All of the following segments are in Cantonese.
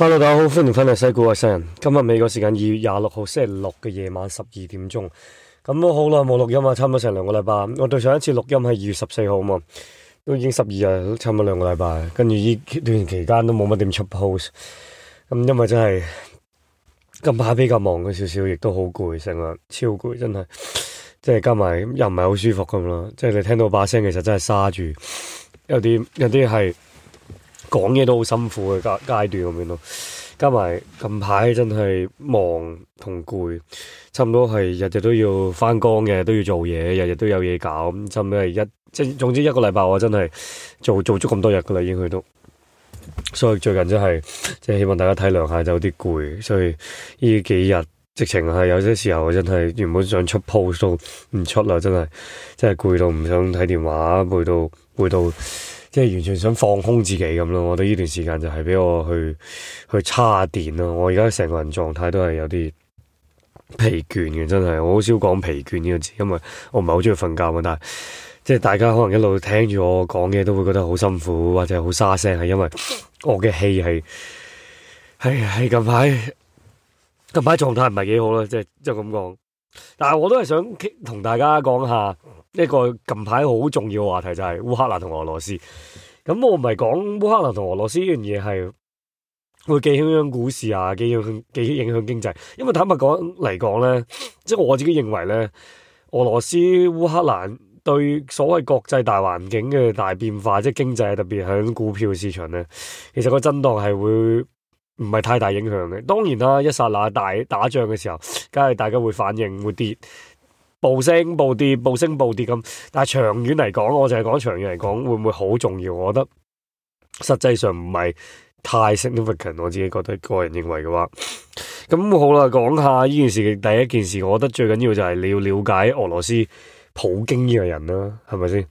hello，大家好，歡迎翻嚟《西股外星人》。今日美國時間二月廿六號星期六嘅夜晚十二點鐘，咁都好耐冇錄音啊，差唔多成兩個禮拜。我對上一次錄音係二月十四號啊嘛，都已經十二日，差唔多兩個禮拜。跟住呢段期間都冇乜點出 post。咁、嗯、因為真係近排比較忙嘅少少，亦都好攰成日，超攰真係，即係加埋又唔係好舒服咁咯。即係你聽到把聲，其實真係沙住，有啲有啲係。講嘢都好辛苦嘅階階段咁樣咯，加埋近排真係忙同攰，差唔多係日日都要返工嘅，都要做嘢，日日都有嘢搞，咁差唔多係一即係總之一個禮拜我真係做做足咁多日噶啦，已經去到，所以最近真係即係希望大家體諒下，就有啲攰，所以呢幾日直情係有些時候我真係原本想出 post 都唔出啦，真係真係攰到唔想睇電話，攰到攰到。即係完全想放空自己咁咯，我覺得呢段時間就係俾我去去叉電咯。我而家成個人狀態都係有啲疲倦嘅，真係，我好少講疲倦呢個字，因為我唔係好中意瞓覺。但係即係大家可能一路聽住我講嘢，都會覺得好辛苦或者好沙聲，係因為我嘅氣係係係近排近排狀態唔係幾好啦，即係即係咁講。但係我都係想同大家講下。一個近排好重要嘅話題就係烏克蘭同俄羅斯。咁我唔係講烏克蘭同俄羅斯呢樣嘢係會幾影響股市啊，幾影響、幾影響經濟。因為坦白講嚟講咧，即係我自己認為咧，俄羅斯、烏克蘭對所謂國際大環境嘅大變化，即係經濟，特別響股票市場咧，其實個震蕩係會唔係太大影響嘅。當然啦，一剎那大打仗嘅時候，梗係大家會反應會跌。暴升暴跌，暴升暴跌咁，但係長遠嚟講，我就係講長遠嚟講會唔會好重要？我覺得實際上唔係太 significant。我自己覺得個人認為嘅話，咁好啦，講下呢件事嘅第一件事，我覺得最緊要就係你要了解俄羅斯普京呢個人啦，係咪先？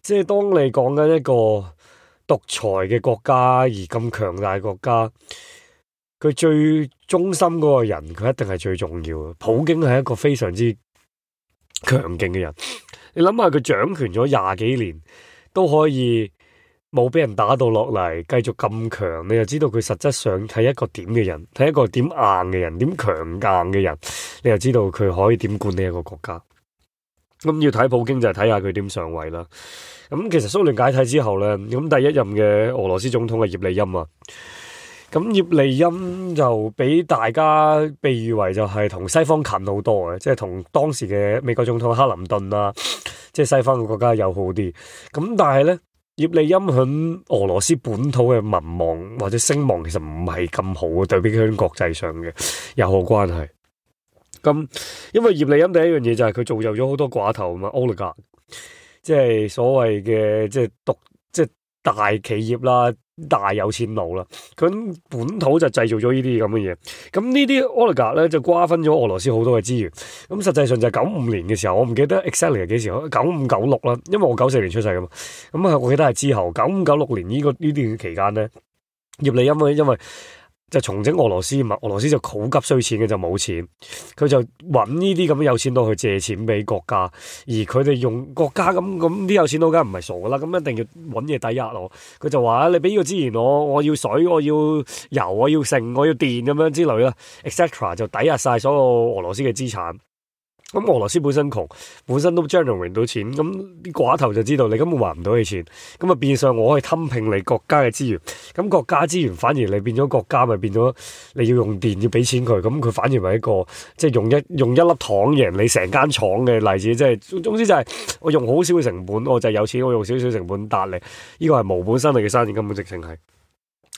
即係當你講緊一個獨裁嘅國家而咁強大國家，佢最忠心嗰個人，佢一定係最重要。普京係一個非常之。強勁嘅人，你諗下佢掌權咗廿幾年，都可以冇俾人打到落嚟，繼續咁強，你就知道佢實質上係一個點嘅人，係一個點硬嘅人，點強硬嘅人，你又知道佢可以點管理一個國家。咁，嗯，要睇普京就係睇下佢點上位啦。咁，嗯，其實蘇聯解體之後咧，咁第一任嘅俄羅斯總統係葉利欽啊。咁葉利欽就俾大家被譽為就係同西方近好多嘅，即係同當時嘅美國總統克林頓啊，即係西方嘅國家友好啲。咁但係咧，葉利欽響俄羅斯本土嘅民望或者聲望其實唔係咁好嘅，對比響國際上嘅友好關係。咁因為葉利欽第一樣嘢就係佢造就咗好多寡頭啊嘛，oligarch，即係所謂嘅即係獨。大企業啦，大有錢佬啦，佢本土就製造咗呢啲咁嘅嘢，咁呢啲 oligarch 咧就瓜分咗俄羅斯好多嘅資源，咁實際上就係九五年嘅時候，我唔記得 exactly 係幾時，九五九六啦，因為我九四年出世噶嘛，咁啊我記得係之後九五九六年呢個呢段期間咧，葉利欽因為因為。就重整俄羅斯嘛，俄羅斯就好急需錢嘅就冇錢，佢就揾呢啲咁嘅有錢佬去借錢俾國家，而佢哋用國家咁咁啲有錢佬梗係唔係傻啦？咁一定要揾嘢抵押咯。佢就話你俾個資源我，我要水，我要油，我要剩，我要電咁樣之類啦，etc，就抵押晒所有俄羅斯嘅資產。咁俄羅斯本身窮，本身都 generate 到錢，咁啲寡頭就知道你根本還唔到你錢，咁啊變相我可以吞併你國家嘅資源，咁國家資源反而你變咗國家，咪、就是、變咗你要用電要俾錢佢，咁佢反而係一個即係、就是、用一用一粒糖贏你成間廠嘅例子，即、就、係、是、總之就係、是、我用好少嘅成本，我就有錢，我用少少成本達你，呢、這個係無本生利嘅生意，根本直情係。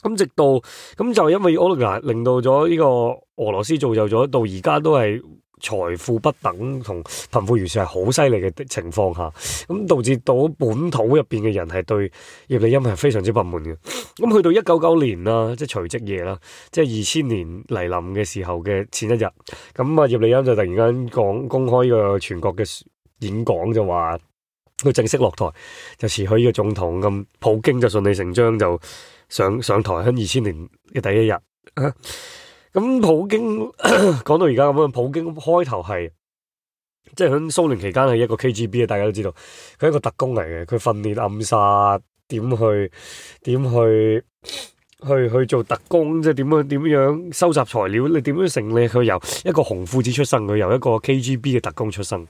咁直到咁就因為烏龍牙令到咗呢個俄羅斯造就咗，到而家都係。財富不等同，貧富懸殊係好犀利嘅情況下，咁導致到本土入邊嘅人係對葉利欽係非常之不滿嘅。咁去到一九九九年啦，即係除夕夜啦，即係二千年嚟臨嘅時候嘅前一日，咁啊葉利欽就突然間講公開嘅全國嘅演講，就話佢正式落台，就辭去呢個總統。咁普京就順理成章就上上台喺二千年嘅第一日。啊咁普京講 到而家咁樣，普京開頭係即係喺蘇聯期間係一個 KGB 啊，大家都知道佢係一個特工嚟嘅，佢訓練暗殺點去點去去去做特工，即係點樣點樣收集材料，你點樣成？你佢由一個紅褲子出生，佢由一個 KGB 嘅特工出生，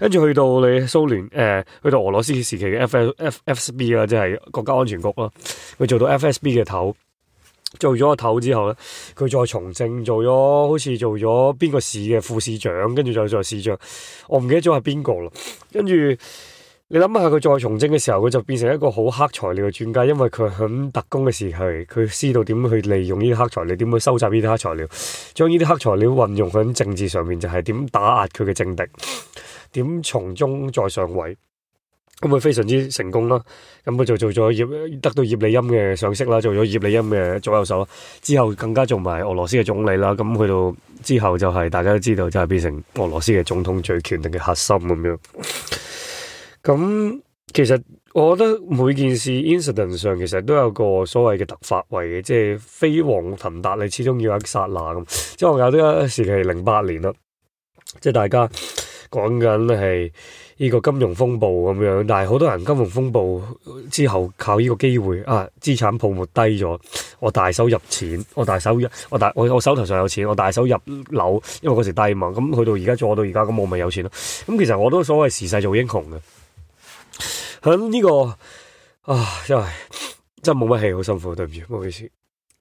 跟住去到你蘇聯誒、呃，去到俄羅斯時期嘅 F F, F, FSB 啊，即係國家安全局咯，佢做到 FSB 嘅頭。做咗個頭之後咧，佢再從政做咗，好似做咗邊個市嘅副市長，跟住再做市長。我唔記得咗係邊個啦。跟住你諗下，佢再從政嘅時候，佢就變成一個好黑材料嘅專家，因為佢響特工嘅時候，佢知道點去利用呢啲黑材料，點去收集呢啲黑材料，將呢啲黑材料運用響政治上面，就係點打壓佢嘅政敵，點從中再上位。咁佢非常之成功啦，咁佢就做咗葉，得到葉利欽嘅賞識啦，做咗葉利欽嘅左右手，啦，之後更加做埋俄羅斯嘅總理啦，咁去到之後就係、是、大家都知道，就係變成俄羅斯嘅總統最權力嘅核心咁樣。咁其實我覺得每件事 incident 上其實都有個所謂嘅突發位嘅，即係飛黃騰達你始終要一刹那咁。即係我搞到個時期零八年啦，即係大家講緊係。呢個金融風暴咁樣，但係好多人金融風暴之後靠呢個機會啊，資產泡沫低咗，我大手入錢，我大手入我大我我手頭上有錢，我大手入樓，因為嗰時低嘛，咁、嗯、去到而家做到而家，咁、嗯、我咪有錢咯。咁、嗯、其實我都所謂時勢造英雄嘅。喺、嗯、呢、這個啊，因為真冇乜氣，好辛苦，對唔住，唔好意思。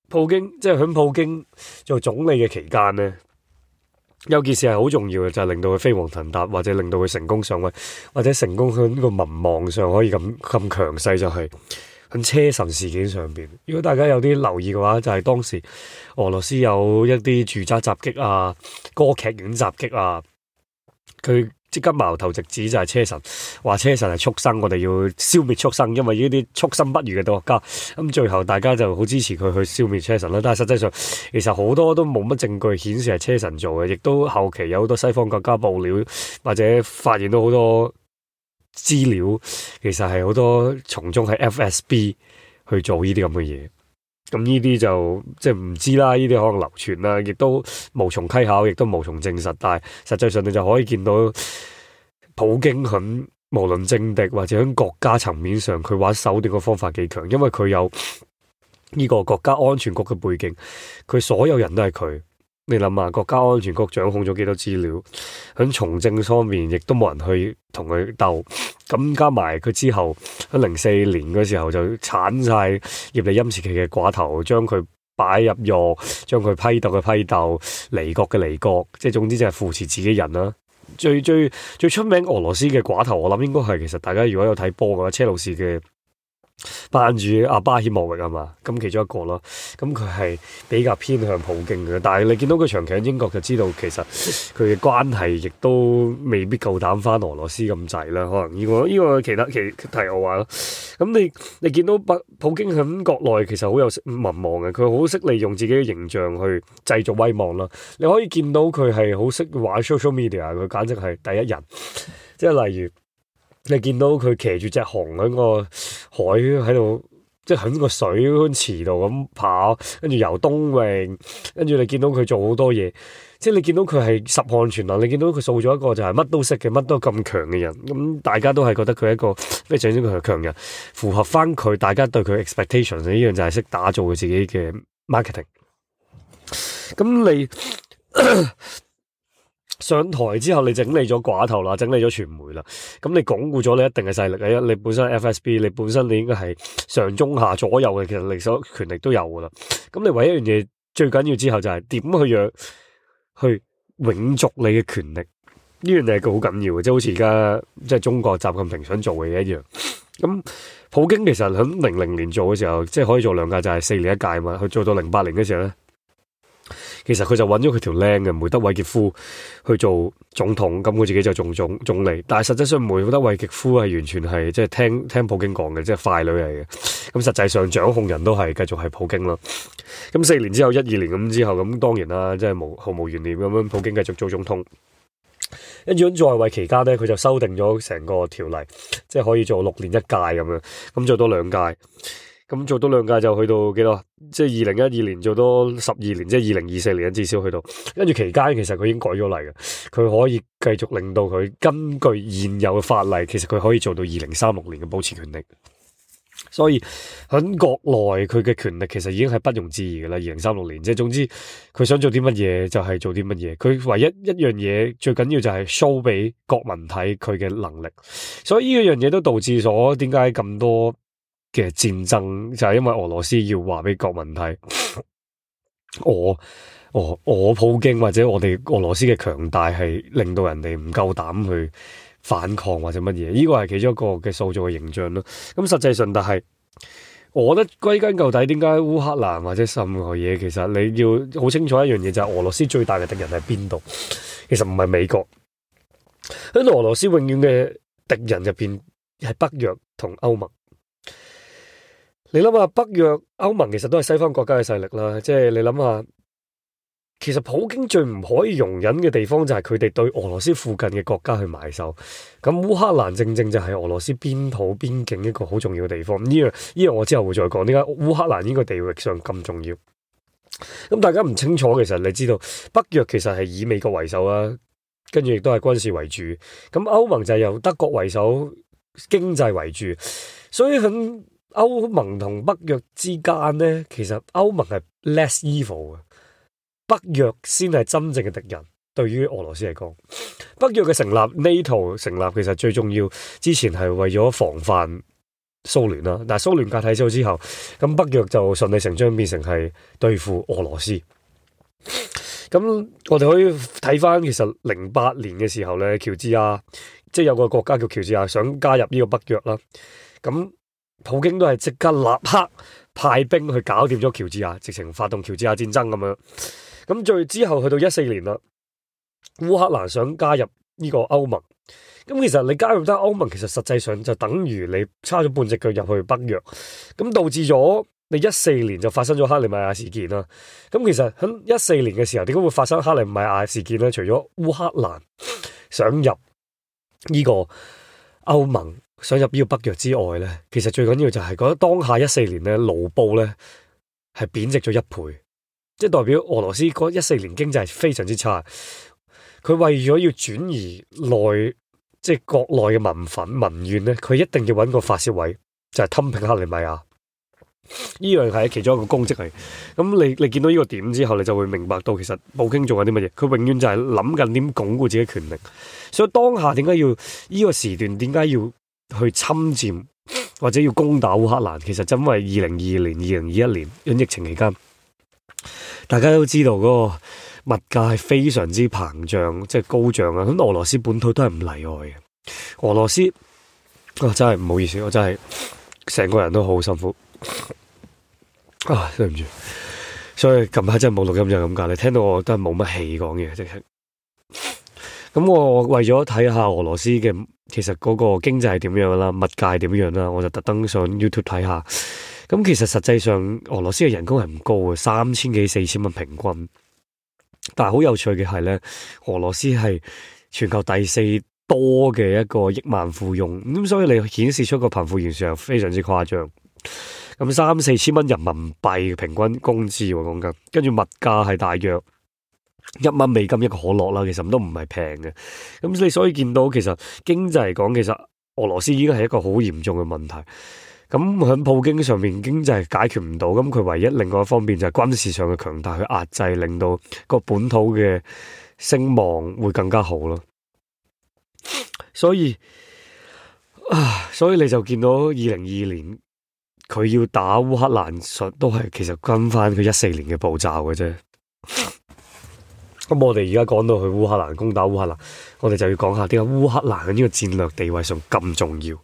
普京即係喺普京做總理嘅期間咧。有件事係好重要嘅，就係、是、令到佢飛黃騰達，或者令到佢成功上位，或者成功喺呢個民望上可以咁咁強勢，就係喺車臣事件上邊。如果大家有啲留意嘅話，就係、是、當時俄羅斯有一啲住宅襲擊啊，歌劇院襲擊啊，佢。呢個矛頭直指就係車神，話車神係畜生，我哋要消滅畜生，因為呢啲畜生不如嘅科學家。咁最後大家就好支持佢去消滅車神啦。但係實際上，其實好多都冇乜證據顯示係車神做嘅，亦都後期有好多西方國家爆料或者發現到好多資料，其實係好多從中喺 FSB 去做呢啲咁嘅嘢。咁呢啲就即係唔知啦，呢啲可能流傳啦，亦都無從稽考，亦都無從證實。但係實際上你就可以見到普京，喺無論政敵或者喺國家層面上，佢玩手段嘅方法幾強，因為佢有呢個國家安全局嘅背景，佢所有人都係佢。你諗下，國家安全局掌控咗幾多資料？喺從政方面，亦都冇人去同佢鬥。咁加埋佢之後，喺零四年嗰時候就鏟晒葉利欽時期嘅寡頭，將佢擺入獄，將佢批鬥嘅批鬥，離國嘅離國。即係總之就係扶持自己人啦。最最最出名俄羅斯嘅寡頭我，我諗應該係其實大家如果有睇波嘅車路士嘅。扮住阿巴莫域嘅係嘛，咁其中一個咯，咁佢係比較偏向普京嘅，但係你見到佢長期喺英國，就知道其實佢嘅關係亦都未必夠膽翻俄羅斯咁滯啦。可能呢個呢個其他其題我話咯，咁你你見到普京喺國內其實好有民望嘅，佢好識利用自己嘅形象去製造威望啦。你可以見到佢係好識玩 social media，佢簡直係第一人，即係例如。你見到佢騎住隻熊喺個海喺度，即係喺個水池度咁跑，跟住游冬泳，跟住你見到佢做好多嘢，即係你見到佢係十項全能，你見到佢掃咗一個就係乜都識嘅，乜都咁強嘅人，咁大家都係覺得佢係一個非常之強嘅強人，符合翻佢大家對佢 expectation。呢樣就係識打造佢自己嘅 marketing。咁你。 上台之後，你整理咗寡頭啦，整理咗傳媒啦，咁你鞏固咗你一定嘅勢力呀，你本身 FSB，你本身你應該係上中下左右嘅，其實你所有權力都有㗎啦。咁你唯一樣嘢最緊要之後就係點去讓去永續你嘅權力？呢樣嘢好緊要嘅，即係好似而家即係中國習近平想做嘅一樣。咁普京其實喺零零年做嘅時候，即係可以做兩屆就係四年一屆嘛，佢做到零八年嘅時候咧。其實佢就搵咗佢條僆嘅梅德韋傑夫去做總統，咁佢自己就做總總理。但係實際上梅德韋傑夫係完全係即係聽聽普京講嘅，即係傀儡嚟嘅。咁實際上掌控人都係繼續係普京咯。咁四年之後一二年，咁之後，咁當然啦，即係無毫無懸念咁樣，普京繼續做總統。跟住在位期間呢，佢就修訂咗成個條例，即係可以做六年一屆咁樣，咁做多兩屆。咁做到兩屆就去到幾多？即係二零一二年做到十二年，即係二零二四年至少去到。跟住期間其實佢已經改咗嚟嘅，佢可以繼續令到佢根據現有嘅法例，其實佢可以做到二零三六年嘅保持權力。所以喺國內佢嘅權力其實已經係不容置疑噶啦，二零三六年即係總之佢想做啲乜嘢就係做啲乜嘢。佢唯一一樣嘢最緊要就係 show 俾國民睇佢嘅能力。所以呢樣嘢都導致咗點解咁多？嘅戰爭就係、是，因為俄羅斯要話俾國民睇， 我、我、我普京或者我哋俄羅斯嘅強大係令到人哋唔夠膽去反抗或者乜嘢，呢個係其中一個嘅塑造嘅形象咯。咁、嗯、實際上，但係我覺得歸根究底，點解烏克蘭或者任何嘢，其實你要好清楚一樣嘢，就係、是，俄羅斯最大嘅敵人喺邊度？其實唔係美國，喺俄羅斯永遠嘅敵人入邊係北約同歐盟。你諗下，北約、歐盟其實都係西方國家嘅勢力啦。即係你諗下，其實普京最唔可以容忍嘅地方就係佢哋對俄羅斯附近嘅國家去埋手。咁烏克蘭正正就係俄羅斯邊土邊境一個好重要嘅地方。呢樣呢樣我之後會再講點解烏克蘭呢個地域上咁重要。咁大家唔清楚，其實你知道北約其實係以美國為首啦，跟住亦都係軍事為主。咁歐盟就係由德國為首，經濟為主，所以很。歐盟同北約之間呢，其實歐盟係 less evil 嘅，北約先係真正嘅敵人。對於俄羅斯嚟講，北約嘅成立 NATO 成立，其實最重要之前係為咗防範蘇聯啦。但係蘇聯解體咗之後，咁北約就順理成章變成係對付俄羅斯。咁我哋可以睇翻，其實零八年嘅時候咧，喬治亞即係、就是、有個國家叫喬治亞，想加入呢個北約啦。咁普京都係即刻立刻派兵去搞掂咗喬治亞，直情發動喬治亞戰爭咁樣。咁最之後去到一四年啦，烏克蘭想加入呢個歐盟。咁其實你加入得歐盟，其實實際上就等於你叉咗半隻腳入去北約。咁導致咗你一四年就發生咗克里米亞事件啦。咁其實喺一四年嘅時候，點解會發生克里米亞事件咧？除咗烏克蘭想入呢個歐盟。想入呢個北約之外咧，其實最緊要就係覺得當下一四年咧盧布咧係貶值咗一倍，即係代表俄羅斯嗰一四年經濟係非常之差。佢為咗要轉移內即係國內嘅民憤民怨咧，佢一定要揾個發泄位，就係、是、吞併克里米亞。呢樣係其中一個功績嚟。咁你你見到呢個點之後，你就會明白到其實普京做緊啲乜嘢。佢永遠就係諗緊點鞏固自己權力。所以當下點解要呢、這個時段？點解要？去侵佔或者要攻打烏克蘭，其實真係二零二零年、二零二一年喺疫情期間，大家都知道嗰個物價係非常之膨脹，即係高漲啊！咁俄羅斯本土都係唔例外嘅。俄羅斯啊，我真係唔好意思，我真係成個人都好辛苦啊！對唔住，所以近排真係冇錄音就咁解，你聽到我都係冇乜氣講嘢，即係。咁我為咗睇下俄羅斯嘅。其實嗰個經濟係點樣啦，物價係點樣啦，我就特登上 YouTube 睇下。咁其實實際上俄羅斯嘅人工係唔高嘅，三千幾四千蚊平均。但係好有趣嘅係咧，俄羅斯係全球第四多嘅一個億萬富翁，咁所以你顯示出個貧富懸殊係非常之誇張。咁三四千蚊人民幣嘅平均工資，我講緊，跟住物價係大約。一蚊美金一個可樂啦，其實都唔係平嘅。咁你所以見到其實經濟嚟講，其實俄羅斯依家係一個好嚴重嘅問題。咁喺普京上面，經濟解決唔到，咁佢唯一另外一方面就係軍事上嘅強大去壓制，令到個本土嘅聲望會更加好咯。所以啊，所以你就見到二零二二年佢要打烏克蘭，實都係其實跟翻佢一四年嘅步驟嘅啫。咁、嗯、我哋而家講到去烏克蘭攻打烏克蘭，我哋就要講下點解烏克蘭喺呢個戰略地位上咁重要。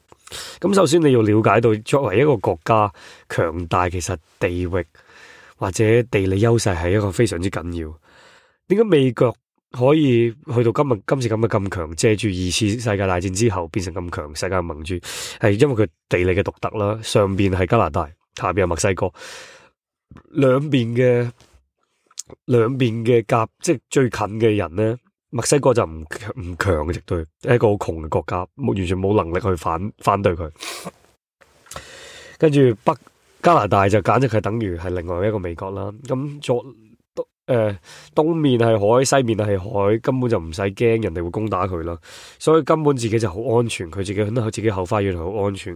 咁首先你要了解到，作為一個國家強大，其實地域或者地理優勢係一個非常之緊要。點解美國可以去到今日今時今日咁強？借住二次世界大戰之後變成咁強，世界嘅盟主，係因為佢地理嘅獨特啦。上邊係加拿大，下邊係墨西哥，兩邊嘅。兩邊嘅夾，即係最近嘅人咧。墨西哥就唔強唔強嘅，直對一個好窮嘅國家，完全冇能力去反反對佢。跟住北加拿大就簡直係等於係另外一個美國啦。咁左東誒東面係海，西面係海，根本就唔使驚人哋會攻打佢啦。所以根本自己就好安全，佢自己肯得佢自己後花園係好安全。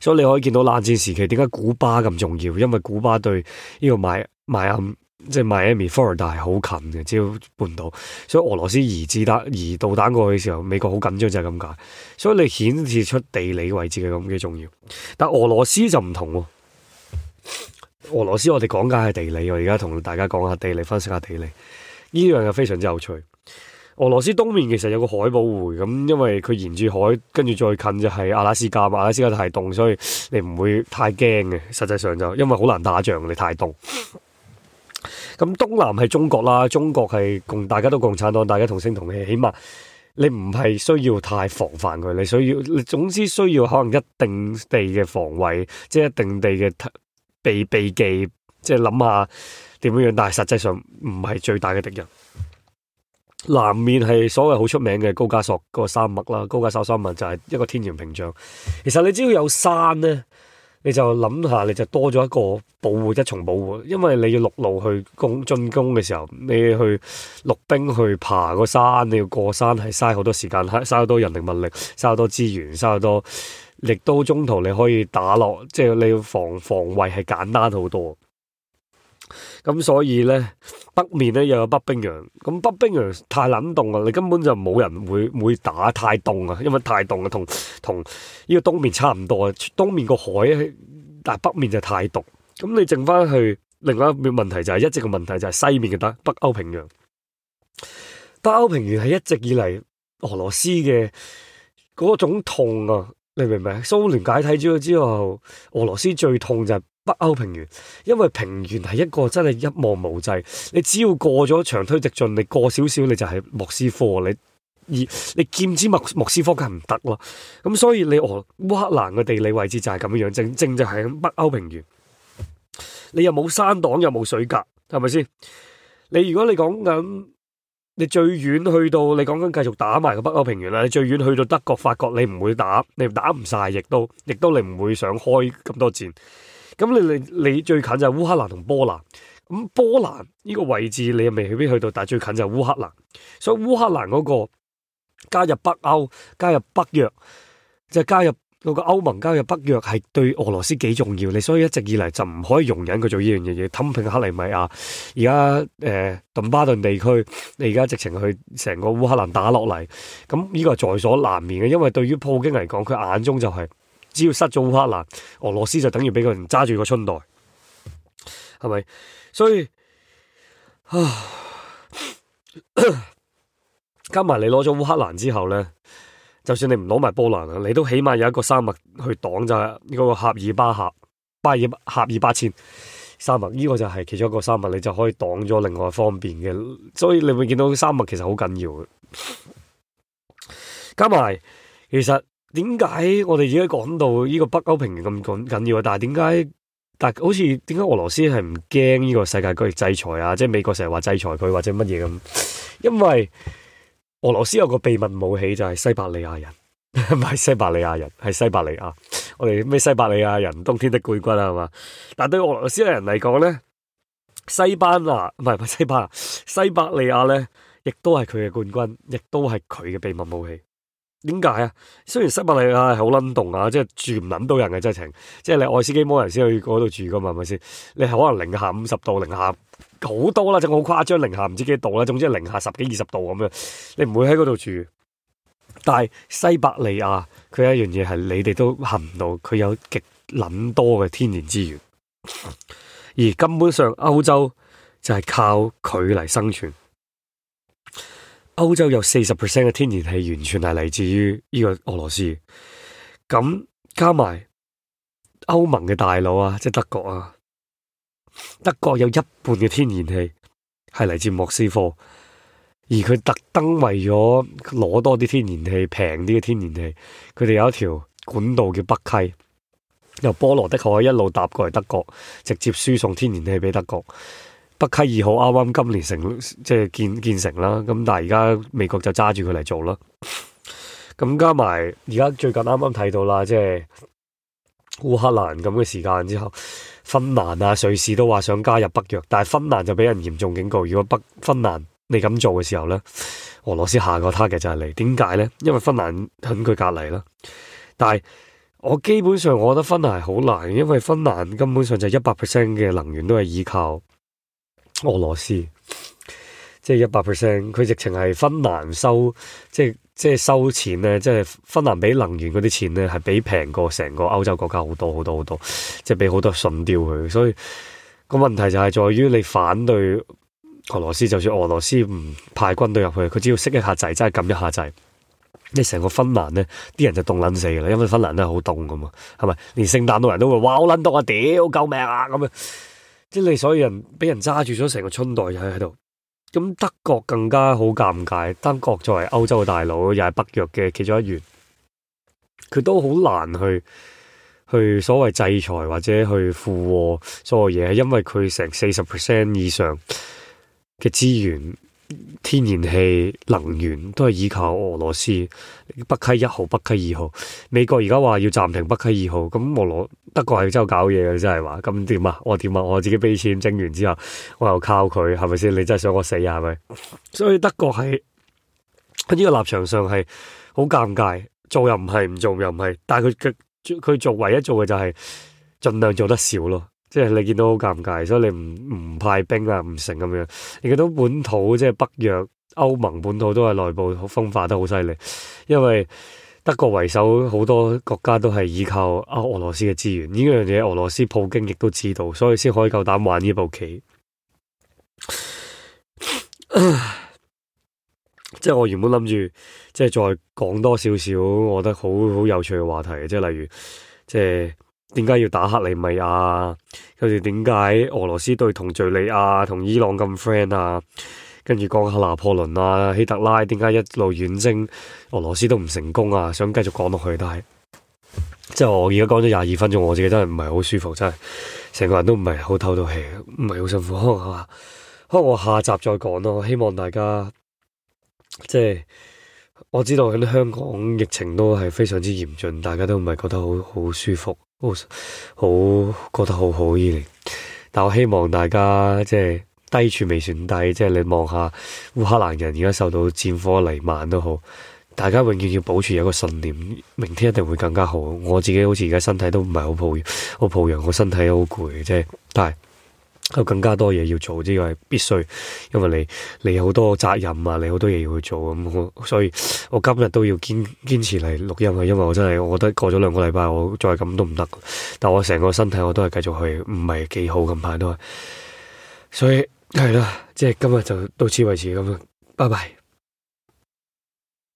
所以你可以見到冷戰時期點解古巴咁重要，因為古巴對呢個埋埋暗。邁邁即係 Miami Florida 係好近嘅，只要半島，所以俄羅斯移至得移導彈過去嘅時候，美國好緊張就係咁解。所以你顯示出地理位置嘅咁幾重要。但俄羅斯就唔同喎。俄羅斯我哋講緊係地理，我而家同大家講下地理，分析下地理呢樣係非常之有趣。俄羅斯東面其實有個海保護，咁因為佢沿住海，跟住再近就係阿拉斯加，阿拉斯加太凍，所以你唔會太驚嘅。實際上就因為好難打仗，你太凍。咁東南係中國啦，中國係共大家都共產黨，大家同聲同氣，起碼你唔係需要太防範佢，你需要你總之需要可能一定地嘅防衞，即係一定地嘅避避忌，即係諗下點樣樣。但係實際上唔係最大嘅敵人。南面係所謂好出名嘅高加索嗰個山脈啦，高加索山脈就係一個天然屏障。其實你只要有山咧。你就諗下，你就多咗一個保護、一重保護，因為你要陸路去攻、進攻嘅時候，你要去陸兵去爬個山，你要過山係嘥好多時間，嘥好多人力物力，嘥好多資源，嘥好多，亦都中途你可以打落，即係你要防、防衛係簡單好多。咁所以咧，北面咧又有，有北冰洋，咁北冰洋太冷凍啦，你根本就冇人會會打太凍啊，因為太凍啊，同同呢個東面差唔多啊。東面個海，但係北面就太凍。咁你剩翻去另外一個問題就係一直個問題就係、是、西面嘅得。北歐平原，北歐平原係一直以嚟俄羅斯嘅嗰種痛啊，你明唔明？蘇聯解體咗之後，俄羅斯最痛就係。北歐平原，因為平原係一個真係一望無際，你只要過咗長推直進，你過少少你就係莫斯科，你你你見之莫莫斯科梗係唔得咯。咁所以你俄烏克蘭嘅地理位置就係咁樣樣，正正就係北歐平原。你又冇山擋，又冇水隔，係咪先？你如果你講緊你，你最遠去到，你講緊繼續打埋個北歐平原啦，你最遠去到德國、法國，你唔會打，你打唔晒，亦都亦都你唔會想開咁多戰。咁你你你最近就係烏克蘭同波蘭，咁波蘭呢個位置你又未未必去到，但係最近就係烏克蘭，所以烏克蘭嗰個加入北歐、加入北約，即係加入嗰個歐盟、加入北約係對俄羅斯幾重要，你所以一直以嚟就唔可以容忍佢做呢樣嘢嘢，吞併克里米亞，而家誒頓巴頓地區，你而家直情去成個烏克蘭打落嚟，咁呢個係在所難免嘅，因為對於普京嚟講，佢眼中就係。只要失咗烏克蘭，俄羅斯就等於俾個人揸住個春袋，係咪？所以， 加埋你攞咗烏克蘭之後咧，就算你唔攞埋波蘭啦，你都起碼有一個山脈去擋就係、是、呢個喀爾巴峽，喀爾巴喀爾巴喀爾巴阡山脈，呢、這個就係其中一個山脈，你就可以擋咗另外一方面嘅。所以你會見到啲山脈其實好緊要，加埋其實。點解我哋而家講到呢個北歐平原咁緊要？但係點解？但係好似點解俄羅斯係唔驚呢個世界各地制裁啊？即係美國成日話制裁佢或者乜嘢咁？因為俄羅斯有個秘密武器就係西伯利亞人，唔係西伯利亞人係西伯利亞。我哋咩西伯利亞人冬天的冠軍啊嘛？但係對俄羅斯人嚟講咧，西班牙唔係唔係西班牙，西伯利亞咧亦都係佢嘅冠軍，亦都係佢嘅秘密武器。點解啊？雖然西伯利亞係好冷凍啊，即係住唔諗到人嘅真情，即係你愛斯基摩人先去嗰度住噶嘛，係咪先？你可能零下五十度、零下好多啦，即係好誇張，零下唔知幾多度啦，總之零下十幾二十度咁樣，你唔會喺嗰度住。但係西伯利亞佢有一樣嘢係你哋都行唔到，佢有極諗多嘅天然資源，而根本上歐洲就係靠佢嚟生存。歐洲有四十 percent 嘅天然氣完全係嚟自於呢個俄羅斯，咁加埋歐盟嘅大佬啊，即係德國啊，德國有一半嘅天然氣係嚟自莫斯科，而佢特登為咗攞多啲天然氣、平啲嘅天然氣，佢哋有一條管道叫北溪，由波羅的海一路搭過嚟德國，直接輸送天然氣俾德國。北溪二號啱啱今年成即係建建成啦，咁但係而家美國就揸住佢嚟做咯。咁加埋而家最近啱啱睇到啦，即係烏克蘭咁嘅時間之後，芬蘭啊、瑞士都話想加入北約，但係芬蘭就俾人嚴重警告，如果北芬蘭你咁做嘅時候咧，俄羅斯下個 target 就係你。點解咧？因為芬蘭喺佢隔籬啦。但係我基本上我覺得芬蘭係好難，因為芬蘭根本上就一百 percent 嘅能源都係依靠。俄羅斯即係一百 percent，佢直情係芬蘭收，即係即係收錢咧，即係芬蘭俾能源嗰啲錢咧，係比平過成個歐洲國家好多好多好多，即係俾好多筍掉佢。所以個問題就係在於你反對俄羅斯，就算俄羅斯唔派軍隊入去，佢只要熄一下掣，真係撳一下掣，你成個芬蘭咧啲人就凍撚死噶啦，因為芬蘭都係好凍噶嘛，係咪？連聖誕老人都會哇好撚凍啊，屌，救命啊咁樣。即係你，所以人俾人揸住咗成個春袋又喺度。咁德國更加好尷尬，德國作為歐洲嘅大佬，又係北約嘅其中一員，佢都好難去去所謂制裁或者去附和所有嘢，因為佢成四十 percent 以上嘅資源。天然氣能源都係依靠俄羅斯北溪一號、北溪二號。美國而家話要暫停北溪二號，咁俄羅德國係真搞嘢嘅，真係話咁點啊？我點啊？我自己俾錢整完之後，我又靠佢，係咪先？你真係想我死啊？係咪？所以德國係喺呢個立場上係好尷尬，做又唔係，唔做又唔係，但係佢佢佢做唯一做嘅就係盡量做得少咯。即係你見到好尷尬，所以你唔唔派兵啊，唔成咁樣。你見到本土即係北約、歐盟本土都係內部好分化得好犀利，因為德國為首好多國家都係依靠啊俄羅斯嘅資源。呢樣嘢俄羅斯普京亦都知道，所以先可以夠膽玩呢步棋。 即係我原本諗住即係再講多少少，我覺得好好有趣嘅話題，即係例如即係。點解要打克里米亞？跟住點解俄羅斯都要同敘利亞、同伊朗咁 friend 啊？跟住講下拿破崙啊、希特拉點解一路遠征俄羅斯都唔成功啊？想繼續講落去，但係即係我而家講咗廿二分鐘，我自己真係唔係好舒服，真係成個人都唔係好透到氣，唔係好辛苦啊！可能我下集再講咯，希望大家即係我知道香港疫情都係非常之嚴峻，大家都唔係覺得好好舒服。哦、好覺得好好依年，但我希望大家即係低處未算低，即係你望下烏克蘭人而家受到戰火彌漫都好，大家永遠要保持有一個信念，明天一定會更加好。我自己好似而家身體都唔係好抱，好抱恙，我身體好攰即係，但係。有更加多嘢要做，呢個係必須，因為你你好多責任啊，你好多嘢要去做咁，我所以我今日都要堅堅持嚟錄音啊，因為我真係我覺得過咗兩個禮拜我再咁都唔得，但我成個身體我都係繼續去，唔係幾好，近排都，係，所以係啦，即係今日就到此為止咁樣，拜拜。